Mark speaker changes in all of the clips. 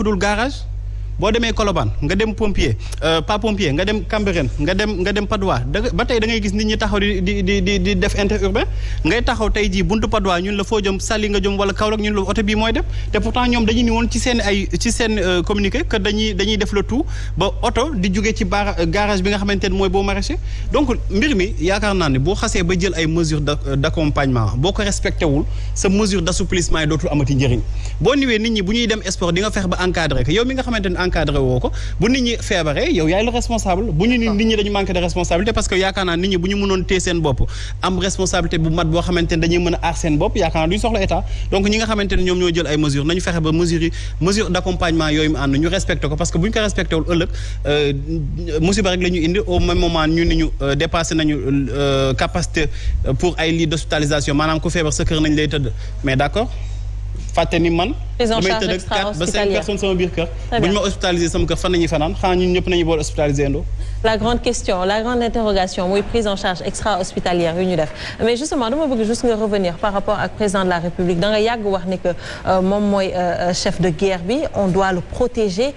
Speaker 1: fu dul garage boo demee Colobane nga dem pompier euh, pas pompier nga dem Cambérène nga dem nga dem Padois ba tey da ngay gis nit ñi taxaw di di di di def interurbain ngay taxaw tey jii buntu Padois ñun la foo jëm Saly nga jëm wala Kaolack ñun la oto bii mooy dem te pourtant ñoom dañu ni woon ci seen ay ci seen euh, communiqué que dañuy def le tout ba oto di jóge ci bar euh, garage bi nga xamante ne mooy boo maraîcher donc mbir mi yaakaar naa ne boo xasee ba jël ay mesures d'accompagnement boo ko respecté wul sa mesure d'assouplissement yi dootul amati njëriñ boo niwee nit ñi bu ñuy dem sport di encadré woo ko bu nit ñi feebaree yow yaay le responsable bu ñu ah. nit ñi dañu manqué de responsabilité parce que yaakaar nit ñi bu ñu mënoon téye bopp am responsabilité bu mat boo xamante dañuy mën a aar seen bopp yaakaar naa duñu soxla état donc ñi nga xamante ñoom ñoo jël ay mesures nañu fexe ba mesures d'accompagnement yooyu mu ànd ñu respecté ko parce que bu ñu ko respecté ëllëg euh, musiba rek la indi au moment ñu ni ñu euh, dépassé nañu euh, capacité fàtte ni man. damay tëdd ak quatre
Speaker 2: ba bu ñu ma
Speaker 1: hospitalisé kër fan nañuy fanaan xanaa ñun ñëpp nañu boole hospitalisé ndo
Speaker 2: la grande question la grande interrogation muy prise en charge extra hospitalière yu ñu def mais justement dama bëgg juste nga revenir par rapport ak président de la République da nga yàgg wax ni que euh, moom mooy euh, euh, chef de le protéger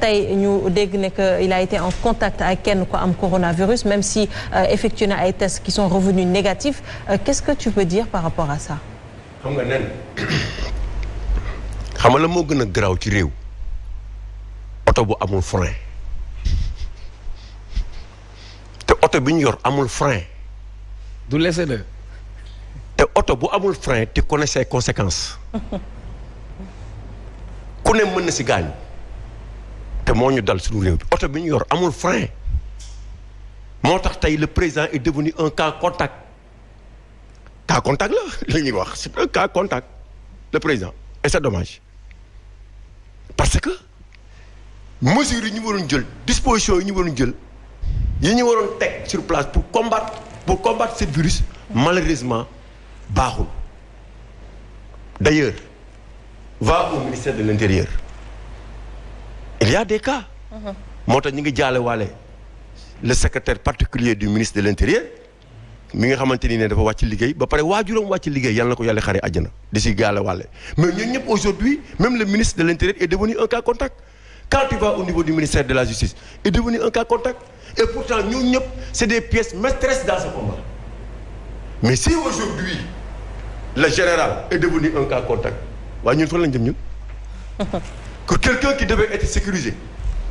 Speaker 2: tey ñu dégg ne a été en contact ak kenn ko coronavirus même si effectué na ay tests qui sont revenus négatifs qu'est-ce que tu peux
Speaker 3: xam la moo gën a garaaw ci réew oto bu amul frein te oto bi ñu yor amul frein. du laisser de. te oto bu amul frein tu connais ses conséquences ku ne mën na si gaañ te moo ñu dal suñu réew bi oto bi ñu yor amul frein moo tax tey le président et devenu un cas contact cas contact la li ñuy wax c'est un cas contact le président et c'est dommage parce que mesures yi ñu waroon jël dispositions yi ñu waroon jël yi ñu waroon teg sur place pour combattre pour combattre ce virus malheureusement baaxul d'ailleurs va au ministère de l'intérieur il y a des cas mm-hmm. moo tax ñu ngi jaale waale le secrétaire particulier du ministre de l'intérieur mi nga xamante ni ne dafa wàcc liggéey ba pare waajuram wàcc liggéey yal na ko yàlla xare àjjana di si gaale wàlle mais ñun ñëpp aujourd'hui même le ministre de l'intérieur est devenu un cas contact quand au niveau du ministère de la justice est devenu un cas contact et pourtant ñun ñëpp c'est des pièces maîtresses dans ce combat mais si aujourd'hui le général est ni un cas contact waaye ñun fan lañ jëm ñun que quelqu'un qui devait être sécurisé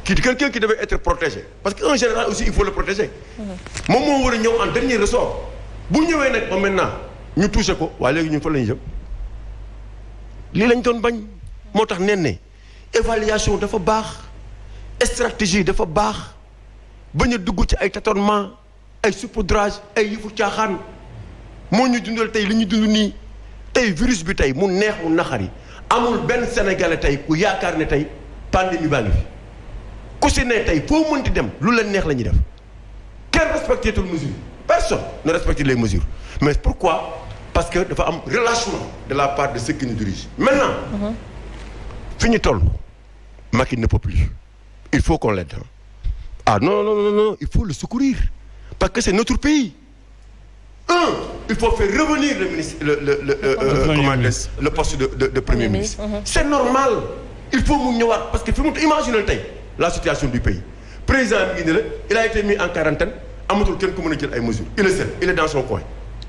Speaker 3: kii quelqu'un ki devait être protégé parce que un général aussi il faut le protéger. moom moo war a ñëw en dernier ressort. bu ñëwee nag ba maintenant ñu touché ko waaye léegi ñu fa la ñu jëm lii lañ doon bañ moo tax nee ne évaluation dafa baax stratégie dafa baax bañ a dugg ci ay tâtonnement ay saupoudrage ay yëfu caaxaan moo ñu dundal tey li ñu dund nii tey virus bi tey mu neex mu yi amul benn sénégalais tey ku yaakaar ne tey pandémie baa ngi fi. ku tey foo mënti dem lu la neex la ñuy def kenn respecté tul mesure personne ne respecte les mesures mais pourquoi parce que dafa am relâchement de la part de ceux qui nous dirigent maintenant mhm. fi ñu tol Macky ne peut il faut qu'on l'aide ah non non non non il faut le secourir parce que c'est notre pays il faut faire revenir le ministre le le le euh, comment dire le poste de premier ministre. Uh-huh. c'est normal il faut mu ñëwaat parce que fi mu imaginer tey. la situation du pays président bi ngi ne la il a été mis en quarantaine amatul kenn ku mën a jël ay il est dans son coin.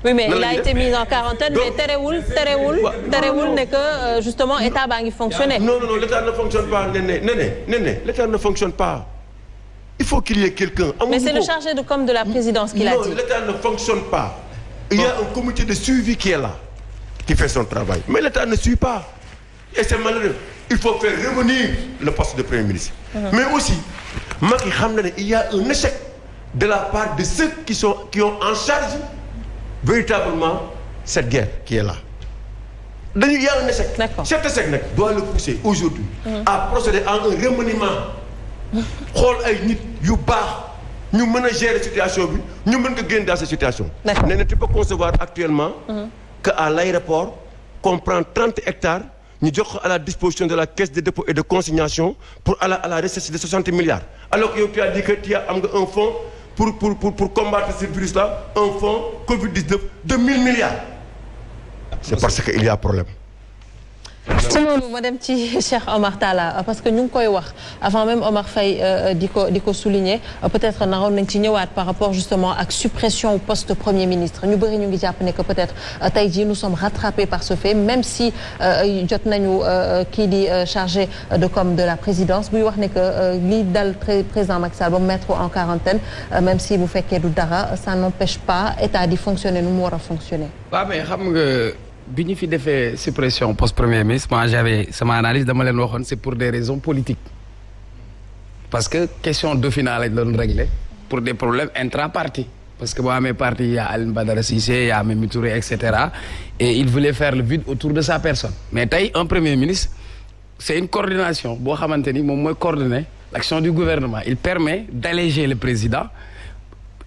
Speaker 2: oui mais il a été mis en quarantaine mais terewul terewul terewul ne que euh, justement état baa ngi fonctionner. non non non
Speaker 3: l'état ne fonctionne pas nee ne nee ne l'état ne fonctionne pas il faut qu'il y ait quelqu'un mais c'est le chargé
Speaker 2: de la présidence qui l'a dit.
Speaker 3: l'état ne fonctionne pas. il y a un comité de suivi qui est là. qui fait son travail mais l'état ne suit pas et c'est il faut faire revenir le poste de premier ministre. Mmh. mais aussi Macky xam na ne il y a un échec de la part de ceux qui sont qui ont en charge véritablement cette guerre qui est là. dañu il y a un échec. d'accord cet échec nag doit le pousser aujourd'hui uh mmh. -huh. à procéder à un remaniement. xool ay nit yu baax ñu mën a gérer situation bi ñu mën ko génn dans cette situation. d'accord nee na tu peux concevoir actuellement. Mmh. que à l'aéroport qu'on prend trente hectares. ñu jox ko la disposition de la caisse de dépôt et de consignation pour à la à la recette de 60 milliards alors que yow tu as am nga un fonds pour pour pour pour combattre ce virus là un fonds Covid 19 de 1000 milliards. c'est parce que il y a problème. ci
Speaker 2: loolu ma dem ci Cheikh Omar Talla parce que ñu ngi koy wax avant même Omar Faye euh, euh, di ko di ko souligner euh, peut-être naroon nañ ci ñëwaat par rapport justement ak suppression poste premier ministre ñu bëri ñu ngi jàpp ne que peut-être tey jii nous sommes rattrapés par ce fait même si jot nañu kii di chargé de com de la présidence buy wax ne que lii dal président Macky Sall ba mettre en quarantaine même si bu fekkee du dara ça n'empêche pas état di fonctionner nu mu war a fonctionner.
Speaker 4: waaw mais xam nga. bi ñu fi defee suppression poste premier ministre moi j'avais sama analyse dama leen waxon c'est pour des raisons politiques parce que question dauphinat loon doon régler pour des problèmes intra-parti parce que boo amee parti y a Alioune Badara Cissé y a Mimi et cetera et il voulait faire le vide autour de sa personne mais tey un premier ministre c'est une coordination boo xamante ni moom mooy coordonner l'action du gouvernement il permet d'alléger le président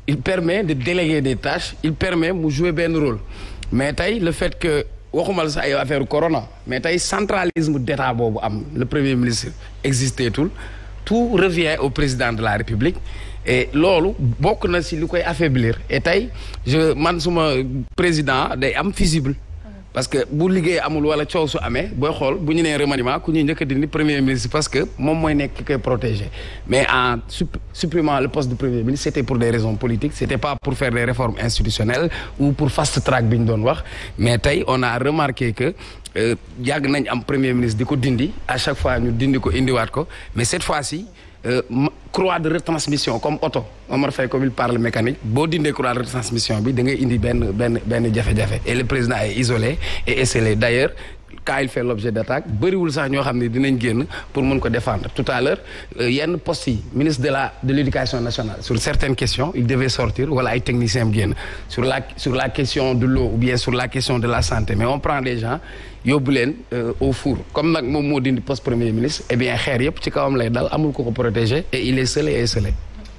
Speaker 4: il permet de déléguer des tâches il permet mu jouer benn rôle mais tey le fait que waxumal sa ay affaire corona mais tey centralisme d'état boobu am le premier ministre existé tul tout revient au président de la république et loolu bokk na si lu koy affaiblir et tey je man suma président day am fusible parce que bu liggéey amul wala coow su amee booy xool bu ñu nee remaniement ku ñuy njëkk di ni premier ministre parce que moom mooy nekk ki koy protégé mais en supprimant le poste de premier ministre c' pour des raisons politiques c' était pas pour faire des réformes institutionnelles ou pour fast track bi ñu doon wax mais tey on a remarqué que euh, yàgg nañ am premier ministre di ko dindi à chaque fois ñu dindi ko indiwaat ko mais cette fois si Euh, croix de retransmission comme oto Omar Faye comme il parle mécanique boo dindee croix de retransmission bi da ngay indi benn benn benn jafe-jafe et le président est isolé et esselé d'ailleurs quand il fait l'objet d'attaque bëriwul sax ñoo xam ne dinañ génn pour mun ko défendre tout à l'heure euh, yenn postes yi ministre de la de l'éducation nationale sur certaines questions il devait sortir wala ay techniciens am génn sur la sur la question de l'eau ou bien sur la question de la santé mais on prend des yóbbu leen euh, au four comme nag moom moo dindi poste premier ministre eh bien xeer yëpp ci kawam lay dal amul ko ko protéger et il est scellé et scellé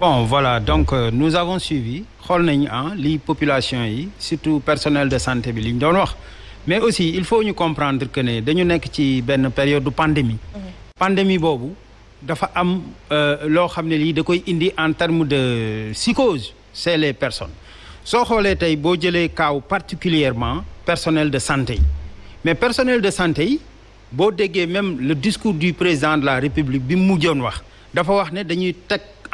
Speaker 1: bon
Speaker 5: voilà donc euh, nous avons suivi xool nañu ah li population yi surtout personnel de santé bi li ñu doon wax mais aussi il faut ñu comprendre que ne dañu nekk ci benn période de pandémie mhm. pandémie boobu dafa am euh, loo xam ne li da koy indi en terme de psychose c'est les personnes soo xoolee tey boo jëlee kaaw particulièrement personnel de santé yi mais personnel de santé yi boo déggee même le discours du président de la république bi mu mujjoon wax dafa wax ne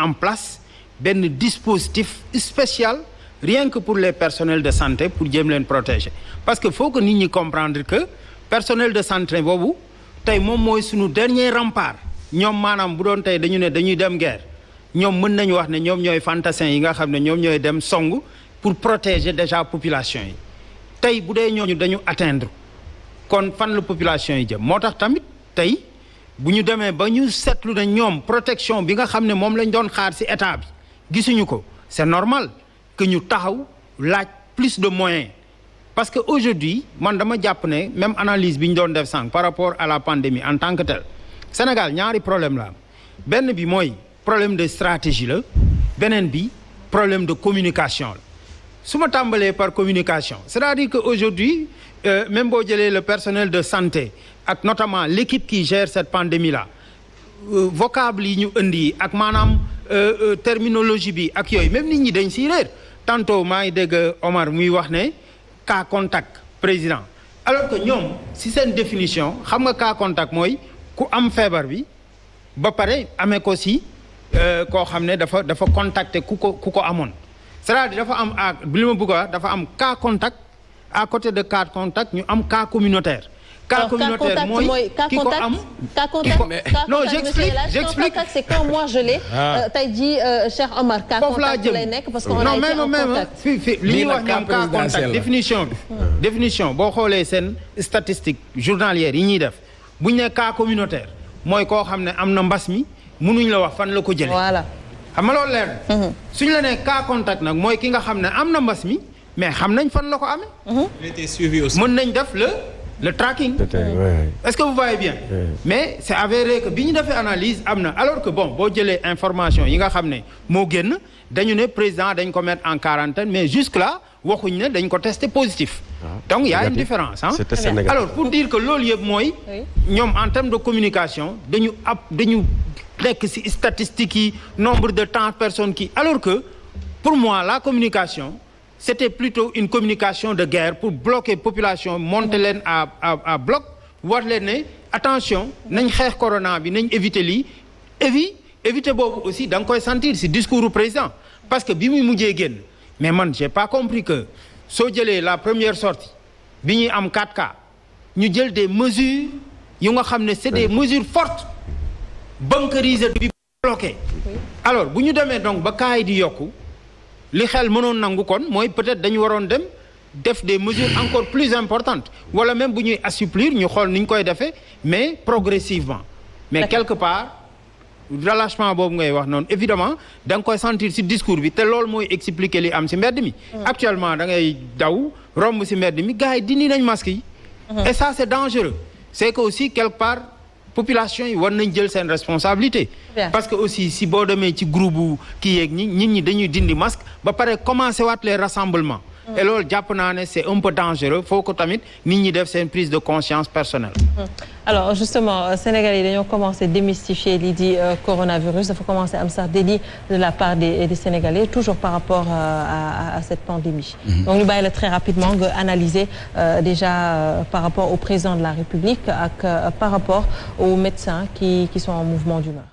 Speaker 5: en place benn dispositif spécial rien que pour les personnels de santé pour jéem leen protéger parce que faut que nit ñi comprendre que personnel de santé boobu tey moom mooy suñu dernier rempart ñoom maanaam bu doon tey dañu ne dañuy dem guerre ñoom mën nañu wax ne ñoom ñooy fantassin yi nga xam ne ñoom ñooy dem song pour protéger déjà population yi tey bu dee ñooñu dañu atteindre kon fan la population yi jëm moo tax tamit tey bu ñu demee ba ñu seetlu ne ñoom protection bi nga xam ne moom lañ doon xaar ci état bi gisuñu ko c'est normal que ñu taxaw laaj plus de moyens parce que aujourd'hui man dama jàpp ne même analyse bi ñu doon def sànq par rapport à la pandémie en tant que telle Sénégal ñaari problème la benn bi mooy problème de stratégie la beneen bi problème de communication su ma tàmbalee par communication c'est-à-dire que aujourd'hui euh, même boo jëlee le personnel de santé ak notamment l'équipe qui gère cette pandémie là euh, vocable yi ñu indi ak maanaam euh, euh terminologie bi ak yooyu même nit ñi deñ siy réer tantôt maa ngi dégg Omar muy wax ne cas contact président alors que ñoom si seen définition xam nga cas contact mooy ku am feebar bi ba pare amee ko si euh, koo xam ne dafa dafa contacter ku ko ku ko amoon cest à dafa am à bi ma bëgg dafa am cas contact à côté de cas contact ñu am cas communautaire. cas communautaire mooy ki ko am
Speaker 2: cas contact mooy cas contact. non j'explique j'explique cas ah. euh, jii euh, Cheikh Omar. cas contact lay nekk parce que on a été en contact fii
Speaker 5: fii li contact définition bi. Hmm. définition boo xoolee seen statistique journalière yi ñuy def bu ñu ne ka communautaire mooy koo xam ne am na mbas mi mënuñ la wax fan la ko jëlee. voilà xam nga loolu leer mhm. suñ la nee ka contact nag mooy ki nga xam ne am na mbas mi mais xam nañ fan la ko amee. Mhm. il était mën nañ def le le tracking. est-ce que vous voyez bien. mais c'est avéré que bi ñu defee analyse am na alors que bon boo jëlee information yi nga xam ne moo génn dañu ne président dañ ko mettre en quarantaine mais jusque là waxuñ ne dañ ko testé positif. Ah. donc y a une différence ah. alors pour dire que loolu yëpp mooy. ñoom en termes de communication dañu ab dañu. nekk ci statistiques yi nombre de temps personne kii alors que pour moi la communication c'était plutôt une communication de guerre pour bloquer population monter leen à à à bloc war leen ne attention nañ xeex corona bi nañ éviter lii évi éviter boobu aussi da nga koy sentir ci discours du président parce que bi muy mujjee génn mais man j'ai pas compris que soo jëlee la première sortie bi ñuy am 4 cas ñu jël des mesures yu nga xam ne c'est des mesures fortes bunkériser bi bloqué alors bu ñu demee donc ba kaay di yokku li xel mënoon nangu kon mooy peut-être dañu waroon dem def des mesures encore plus importante wala même bu ñuy assouplir ñu xool ni ñu koy defee mais progressivement mais quelque part relâchement boobu ngay wax noonu évidemment da nga koy sentir ci discours bi te loolu mooy explique li am ci mbedd mi mm. actuellement da ngay daw romb ci mbedd mi gars yi dindi nañ masque yi mm-hmm. et ça c'est dangereux c'est population yi war nañ jël seen responsabilité parce que aussi si boo demee ci groupe ki yeeg ñi nit ñi dañuy dindi masque ba pare commencé waat les rassemblements Mm. et loolu jàpp naa ne c'est un peu dangereux faut que tamit nit ñi def seen prise de conscience personnelle. Mm.
Speaker 2: alors justement euh, Sénégal yi dañoo commencé démystifier lii di euh, coronavirus dafa commencé am sax déni de la part des des Sénégalais toujours par rapport euh, à à, à cette pandémie. Mm-hmm. donc ñu bàyyi la très rapidement nga analyser déjà par rapport au de la République ak par rapport aux médecins qui qui sont en mouvement d'humeur.